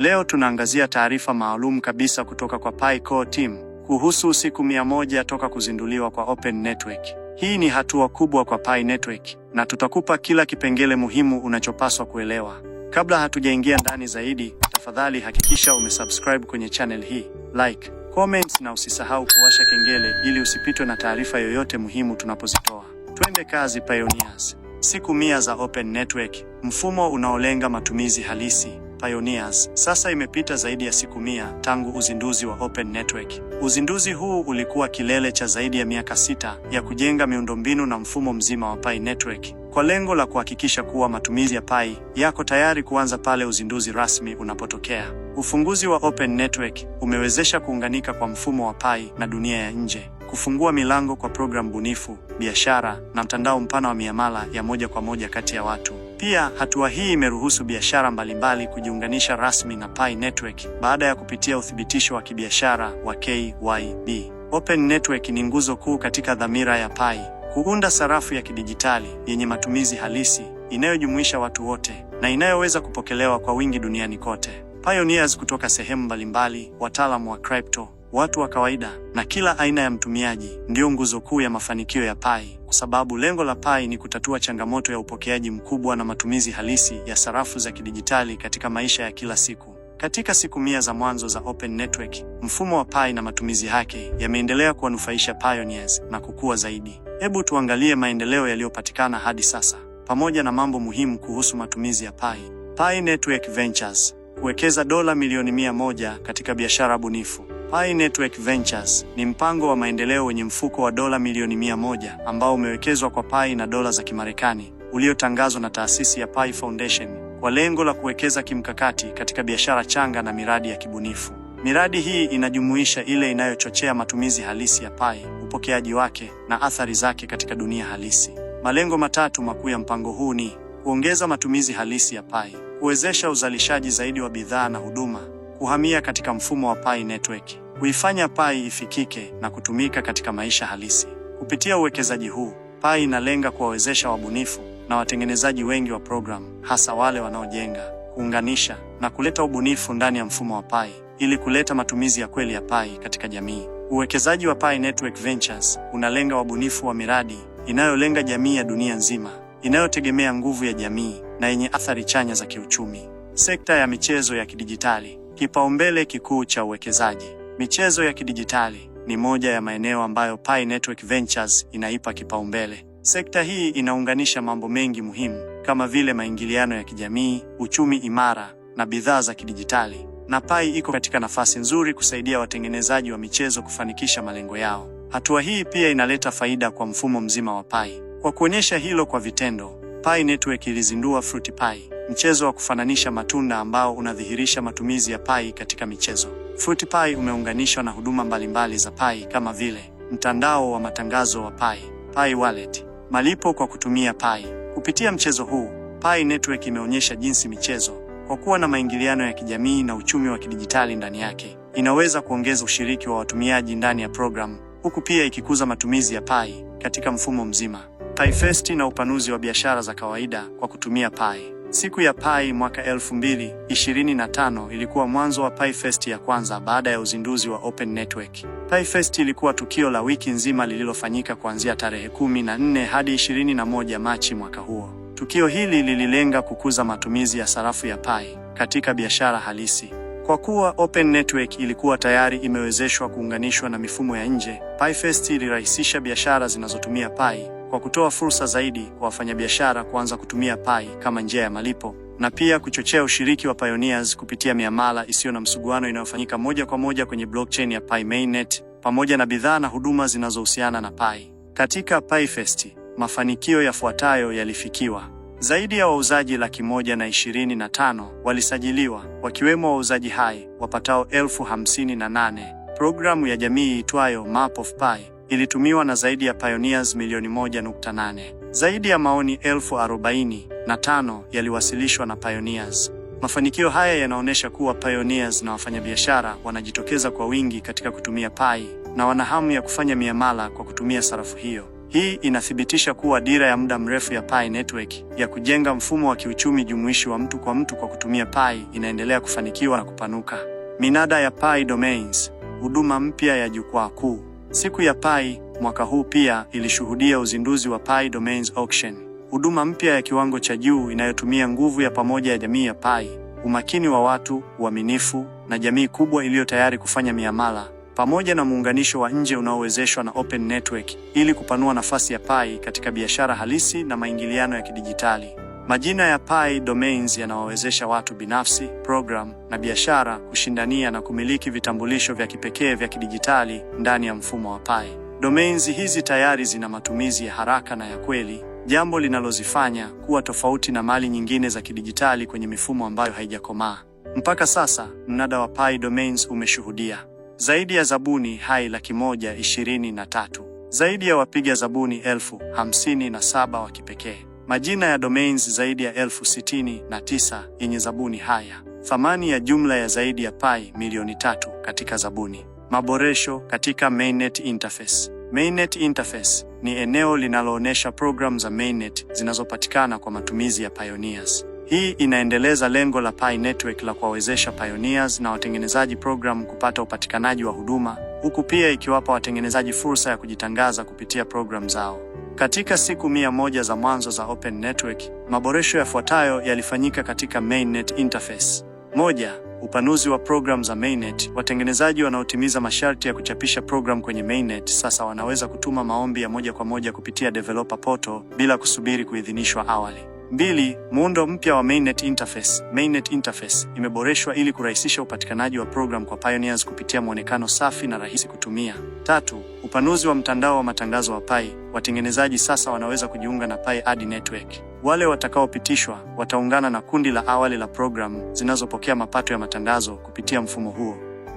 Leo tunaangazia taarifa maalum kabisa kutoka kwa Pi Core Team kuhusu siku mia moja toka kuzinduliwa kwa Open Network. Hii ni hatua kubwa kwa Pi Network na tutakupa kila kipengele muhimu unachopaswa kuelewa. Kabla hatujaingia ndani zaidi, tafadhali hakikisha umesubscribe kwenye channel hii, like, comments na usisahau kuwasha kengele ili usipitwe na taarifa yoyote muhimu tunapozitoa. Twende kazi Pioneers. Siku mia za Open Network, mfumo unaolenga matumizi halisi. Pioneers. Sasa imepita zaidi ya siku mia tangu uzinduzi wa Open Network. Uzinduzi huu ulikuwa kilele cha zaidi ya miaka sita ya kujenga miundombinu na mfumo mzima wa Pi Network kwa lengo la kuhakikisha kuwa matumizi ya Pi yako tayari kuanza pale uzinduzi rasmi unapotokea. Ufunguzi wa Open Network umewezesha kuunganika kwa mfumo wa Pi na dunia ya nje, kufungua milango kwa programu bunifu, biashara na mtandao mpana wa miamala ya moja kwa moja kati ya watu. Pia hatua hii imeruhusu biashara mbalimbali kujiunganisha rasmi na Pi Network baada ya kupitia uthibitisho wa kibiashara wa KYB. Open Network ni nguzo kuu katika dhamira ya Pi, kuunda sarafu ya kidijitali yenye matumizi halisi inayojumuisha watu wote na inayoweza kupokelewa kwa wingi duniani kote. Pioneers kutoka sehemu mbalimbali, wataalamu wa crypto, watu wa kawaida na kila aina ya mtumiaji ndio nguzo kuu ya mafanikio ya Pi kwa sababu lengo la Pai ni kutatua changamoto ya upokeaji mkubwa na matumizi halisi ya sarafu za kidijitali katika maisha ya kila siku. Katika siku mia za mwanzo za Open Network, mfumo wa Pai na matumizi yake yameendelea kuwanufaisha pioneers na kukua zaidi. Hebu tuangalie maendeleo yaliyopatikana hadi sasa pamoja na mambo muhimu kuhusu matumizi ya Pai. Pai Network Ventures kuwekeza dola milioni mia moja katika biashara bunifu. Pi Network Ventures ni mpango wa maendeleo wenye mfuko wa dola milioni mia moja ambao umewekezwa kwa Pi na dola za Kimarekani uliotangazwa na taasisi ya Pi Foundation kwa lengo la kuwekeza kimkakati katika biashara changa na miradi ya kibunifu. Miradi hii inajumuisha ile inayochochea matumizi halisi ya Pi, upokeaji wake na athari zake katika dunia halisi. Malengo matatu makuu ya mpango huu ni kuongeza matumizi halisi ya Pi, kuwezesha uzalishaji zaidi wa bidhaa na huduma, kuhamia katika mfumo wa Pi Network Huifanya Pai ifikike na kutumika katika maisha halisi. Kupitia uwekezaji huu, Pai inalenga kuwawezesha wabunifu na watengenezaji wengi wa programu, hasa wale wanaojenga, kuunganisha na kuleta ubunifu ndani ya mfumo wa Pai ili kuleta matumizi ya kweli ya Pai katika jamii. Uwekezaji wa Pai Network Ventures unalenga wabunifu wa miradi inayolenga jamii ya dunia nzima, inayotegemea nguvu ya jamii na yenye athari chanya za kiuchumi. Sekta ya michezo ya kidijitali, kipaumbele kikuu cha uwekezaji. Michezo ya kidijitali ni moja ya maeneo ambayo Pi Network Ventures inaipa kipaumbele. Sekta hii inaunganisha mambo mengi muhimu kama vile maingiliano ya kijamii, uchumi imara na bidhaa za kidijitali, na Pi iko katika nafasi nzuri kusaidia watengenezaji wa michezo kufanikisha malengo yao. Hatua hii pia inaleta faida kwa mfumo mzima wa Pi. Kwa kuonyesha hilo kwa vitendo, Pi Network ilizindua Fruity Pi, mchezo wa kufananisha matunda ambao unadhihirisha matumizi ya Pi katika michezo. FortyPie umeunganishwa na huduma mbalimbali za pai kama vile mtandao wa matangazo wa Pi, Pi Wallet, malipo kwa kutumia pai Kupitia mchezo huu, Pi Network imeonyesha jinsi michezo, kwa kuwa na maingiliano ya kijamii na uchumi wa kidijitali ndani yake, inaweza kuongeza ushiriki wa watumiaji ndani ya program huku pia ikikuza matumizi ya pai katika mfumo mzima. Pi Fest na upanuzi wa biashara za kawaida kwa kutumia Pi. Siku ya Pai mwaka 2025 ilikuwa mwanzo wa Pai Fest ya kwanza baada ya uzinduzi wa Open Network. Pai Fest ilikuwa tukio la wiki nzima lililofanyika kuanzia tarehe 14 hadi 21 Machi mwaka huo. Tukio hili lililenga kukuza matumizi ya sarafu ya Pai katika biashara halisi. Kwa kuwa Open Network ilikuwa tayari imewezeshwa kuunganishwa na mifumo ya nje, Pai Fest ilirahisisha biashara zinazotumia Pai kwa kutoa fursa zaidi kwa wafanyabiashara kuanza kutumia Pai kama njia ya malipo na pia kuchochea ushiriki wa pioneers kupitia miamala isiyo na msuguano inayofanyika moja kwa moja kwenye blockchain ya Pi Mainnet pamoja na bidhaa na huduma zinazohusiana na pi Katika Pi Fest, mafanikio yafuatayo yalifikiwa. Zaidi ya wauzaji laki moja na ishirini na tano walisajiliwa wakiwemo wauzaji hai wapatao elfu hamsini na nane. Programu ya jamii itwayo Map of Pi ilitumiwa na zaidi ya pioneers milioni 1.8. Zaidi ya maoni elfu arobaini na tano yaliwasilishwa na pioneers. Mafanikio haya yanaonyesha kuwa pioneers na wafanyabiashara wanajitokeza kwa wingi katika kutumia Pai na wana hamu ya kufanya miamala kwa kutumia sarafu hiyo. Hii inathibitisha kuwa dira ya muda mrefu ya Pai Network ya kujenga mfumo wa kiuchumi jumuishi wa mtu kwa mtu kwa kutumia Pai inaendelea kufanikiwa na kupanuka. Minada ya Pai Domains, huduma mpya ya jukwaa kuu. Siku ya Pi mwaka huu pia ilishuhudia uzinduzi wa Pi Domains Auction, huduma mpya ya kiwango cha juu inayotumia nguvu ya pamoja ya jamii ya Pi, umakini wa watu, uaminifu na jamii kubwa iliyo tayari kufanya miamala, pamoja na muunganisho wa nje unaowezeshwa na open network ili kupanua nafasi ya Pi katika biashara halisi na maingiliano ya kidijitali. Majina ya Pi Domains yanawawezesha watu binafsi, program na biashara kushindania na kumiliki vitambulisho vya kipekee vya kidijitali ndani ya mfumo wa Pi. Domains hizi tayari zina matumizi ya haraka na ya kweli, jambo linalozifanya kuwa tofauti na mali nyingine za kidijitali kwenye mifumo ambayo haijakomaa. Mpaka sasa, mnada wa Pi Domains umeshuhudia zaidi ya zabuni hai laki moja ishirini na tatu, zaidi ya wapiga zabuni elfu hamsini na saba wa kipekee majina ya domains zaidi ya elfu sitini na tisa yenye zabuni haya, thamani ya jumla ya zaidi ya pai milioni tatu katika zabuni. Maboresho katika mainnet interface. Mainnet interface ni eneo linaloonyesha programu za mainnet zinazopatikana kwa matumizi ya pioneers. Hii inaendeleza lengo la Pi Network la kuwawezesha pioneers na watengenezaji programu kupata upatikanaji wa huduma, huku pia ikiwapa watengenezaji fursa ya kujitangaza kupitia programu zao. Katika siku mia moja za mwanzo za Open Network, maboresho yafuatayo yalifanyika katika mainnet interface. Moja, upanuzi wa program za mainnet. Watengenezaji wanaotimiza masharti ya kuchapisha program kwenye mainnet sasa wanaweza kutuma maombi ya moja kwa moja kupitia developer portal bila kusubiri kuidhinishwa awali. Mbili, muundo mpya wa mainnet interface. Mainnet interface imeboreshwa ili kurahisisha upatikanaji wa program kwa pioneers kupitia mwonekano safi na rahisi kutumia. Tatu, upanuzi wa mtandao wa matangazo wa Pi. Watengenezaji sasa wanaweza kujiunga na Pi Ad Network. Wale watakaopitishwa wataungana na kundi la awali la program zinazopokea mapato ya matangazo kupitia mfumo huo.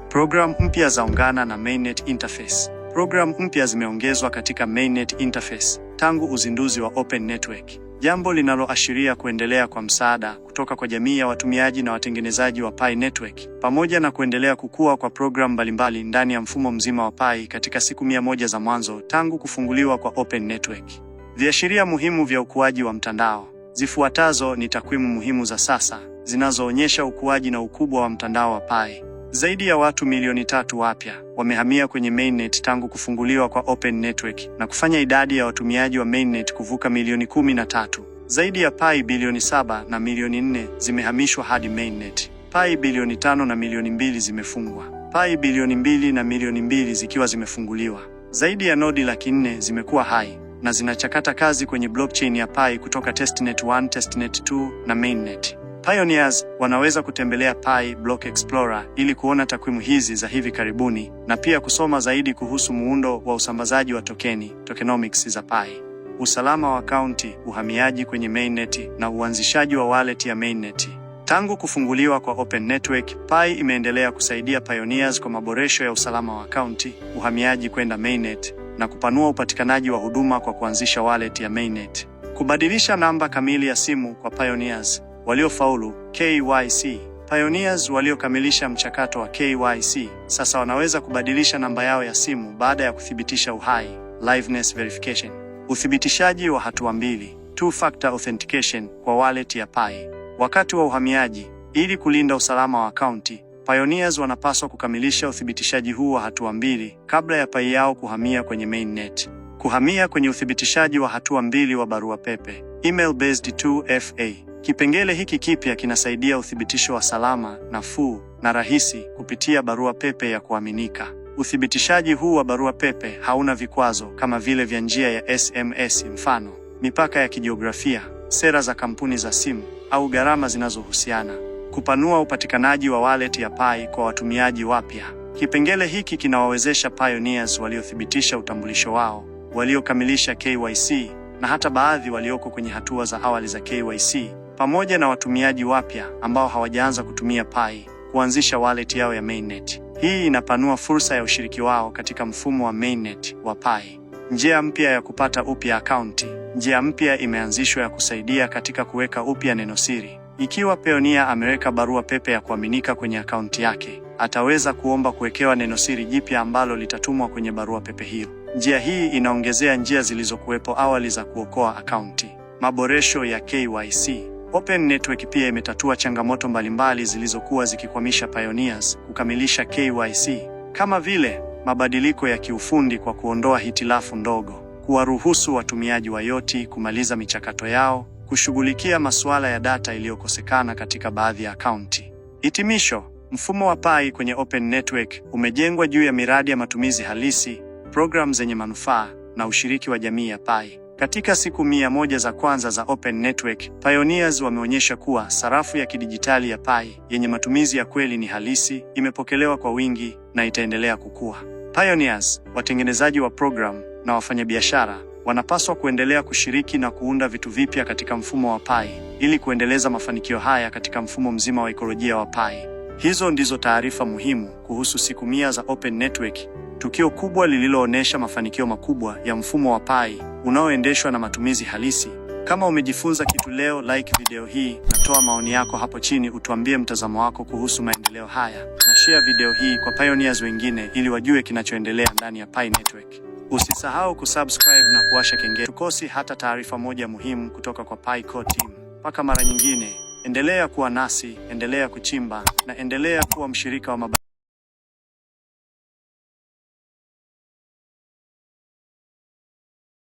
Programu mpya zaungana na mainnet interface. Programu mpya zimeongezwa katika mainnet interface tangu uzinduzi wa Open Network jambo linaloashiria kuendelea kwa msaada kutoka kwa jamii ya watumiaji na watengenezaji wa Pi Network pamoja na kuendelea kukua kwa programu mbalimbali ndani ya mfumo mzima wa Pi katika siku mia moja za mwanzo tangu kufunguliwa kwa Open Network. Viashiria muhimu vya ukuaji wa mtandao. Zifuatazo ni takwimu muhimu za sasa zinazoonyesha ukuaji na ukubwa wa mtandao wa Pi. Zaidi ya watu milioni tatu wapya wamehamia kwenye mainnet tangu kufunguliwa kwa Open Network na kufanya idadi ya watumiaji wa mainnet kuvuka milioni kumi na tatu. Zaidi ya pai bilioni saba na milioni nne zimehamishwa hadi mainnet. Pai bilioni tano na milioni mbili zimefungwa, pai bilioni mbili na milioni mbili zikiwa zimefunguliwa. Zaidi ya nodi laki nne zimekuwa hai na zinachakata kazi kwenye blockchain ya pai kutoka testnet 1, testnet 2 na mainnet. Pioneers wanaweza kutembelea Pi Block Explorer ili kuona takwimu hizi za hivi karibuni na pia kusoma zaidi kuhusu muundo wa usambazaji wa tokeni, tokenomics za Pi, usalama wa akaunti, uhamiaji kwenye mainnet na uanzishaji wa wallet ya mainnet. Tangu kufunguliwa kwa Open Network, Pi imeendelea kusaidia pioneers kwa maboresho ya usalama wa akaunti, uhamiaji kwenda mainnet na kupanua upatikanaji wa huduma kwa kuanzisha wallet ya mainnet. Kubadilisha namba kamili ya simu kwa pioneers waliofaulu KYC. Pioneers waliokamilisha mchakato wa KYC sasa wanaweza kubadilisha namba yao ya simu baada ya kuthibitisha uhai, liveness verification. Uthibitishaji wa hatua mbili, two factor authentication kwa wallet ya Pi. Wakati wa uhamiaji, ili kulinda usalama wa akaunti, Pioneers wanapaswa kukamilisha uthibitishaji huu wa hatua mbili kabla ya Pi yao kuhamia kwenye mainnet. Kuhamia kwenye uthibitishaji wa hatua mbili wa barua pepe, email based 2FA Kipengele hiki kipya kinasaidia uthibitisho wa salama, nafuu na rahisi kupitia barua pepe ya kuaminika. Uthibitishaji huu wa barua pepe hauna vikwazo kama vile vya njia ya SMS, mfano mipaka ya kijiografia, sera za kampuni za simu au gharama zinazohusiana. Kupanua upatikanaji wa wallet ya Pi kwa watumiaji wapya. Kipengele hiki kinawawezesha pioneers waliothibitisha utambulisho wao, waliokamilisha KYC na hata baadhi walioko kwenye hatua za awali za KYC pamoja na watumiaji wapya ambao hawajaanza kutumia Pi kuanzisha wallet yao ya mainnet. Hii inapanua fursa ya ushiriki wao katika mfumo wa mainnet wa Pi. Njia mpya ya kupata upya akaunti. Njia mpya imeanzishwa ya kusaidia katika kuweka upya neno siri Ikiwa peonia ameweka barua pepe ya kuaminika kwenye akaunti yake, ataweza kuomba kuwekewa nenosiri jipya ambalo litatumwa kwenye barua pepe hiyo. Njia hii inaongezea njia zilizokuwepo awali za kuokoa akaunti. Maboresho ya KYC. Open Network pia imetatua changamoto mbalimbali zilizokuwa zikikwamisha pioneers kukamilisha KYC kama vile mabadiliko ya kiufundi kwa kuondoa hitilafu ndogo, kuwaruhusu watumiaji wa yoti kumaliza michakato yao, kushughulikia masuala ya data iliyokosekana katika baadhi ya akaunti. Hitimisho, mfumo wa Pai kwenye Open Network umejengwa juu ya miradi ya matumizi halisi, programu zenye manufaa na ushiriki wa jamii ya Pai. Katika siku mia moja za kwanza za Open Network, pioneers wameonyesha kuwa sarafu ya kidijitali ya Pi yenye matumizi ya kweli ni halisi, imepokelewa kwa wingi na itaendelea kukua. Pioneers, watengenezaji wa program na wafanyabiashara wanapaswa kuendelea kushiriki na kuunda vitu vipya katika mfumo wa Pi ili kuendeleza mafanikio haya katika mfumo mzima wa ekolojia wa Pi. Hizo ndizo taarifa muhimu kuhusu siku mia za Open Network, tukio kubwa lililoonyesha mafanikio makubwa ya mfumo wa Pi unaoendeshwa na matumizi halisi. Kama umejifunza kitu leo, like video hii na toa maoni yako hapo chini, utuambie mtazamo wako kuhusu maendeleo haya, na share video hii kwa pioneers wengine ili wajue kinachoendelea ndani ya Pi Network. Usisahau kusubscribe na kuwasha kengele, tukosi hata taarifa moja muhimu kutoka kwa Pi Core Team. Mpaka mara nyingine, endelea kuwa nasi, endelea kuchimba na endelea kuwa mshirika wa mabadiliko.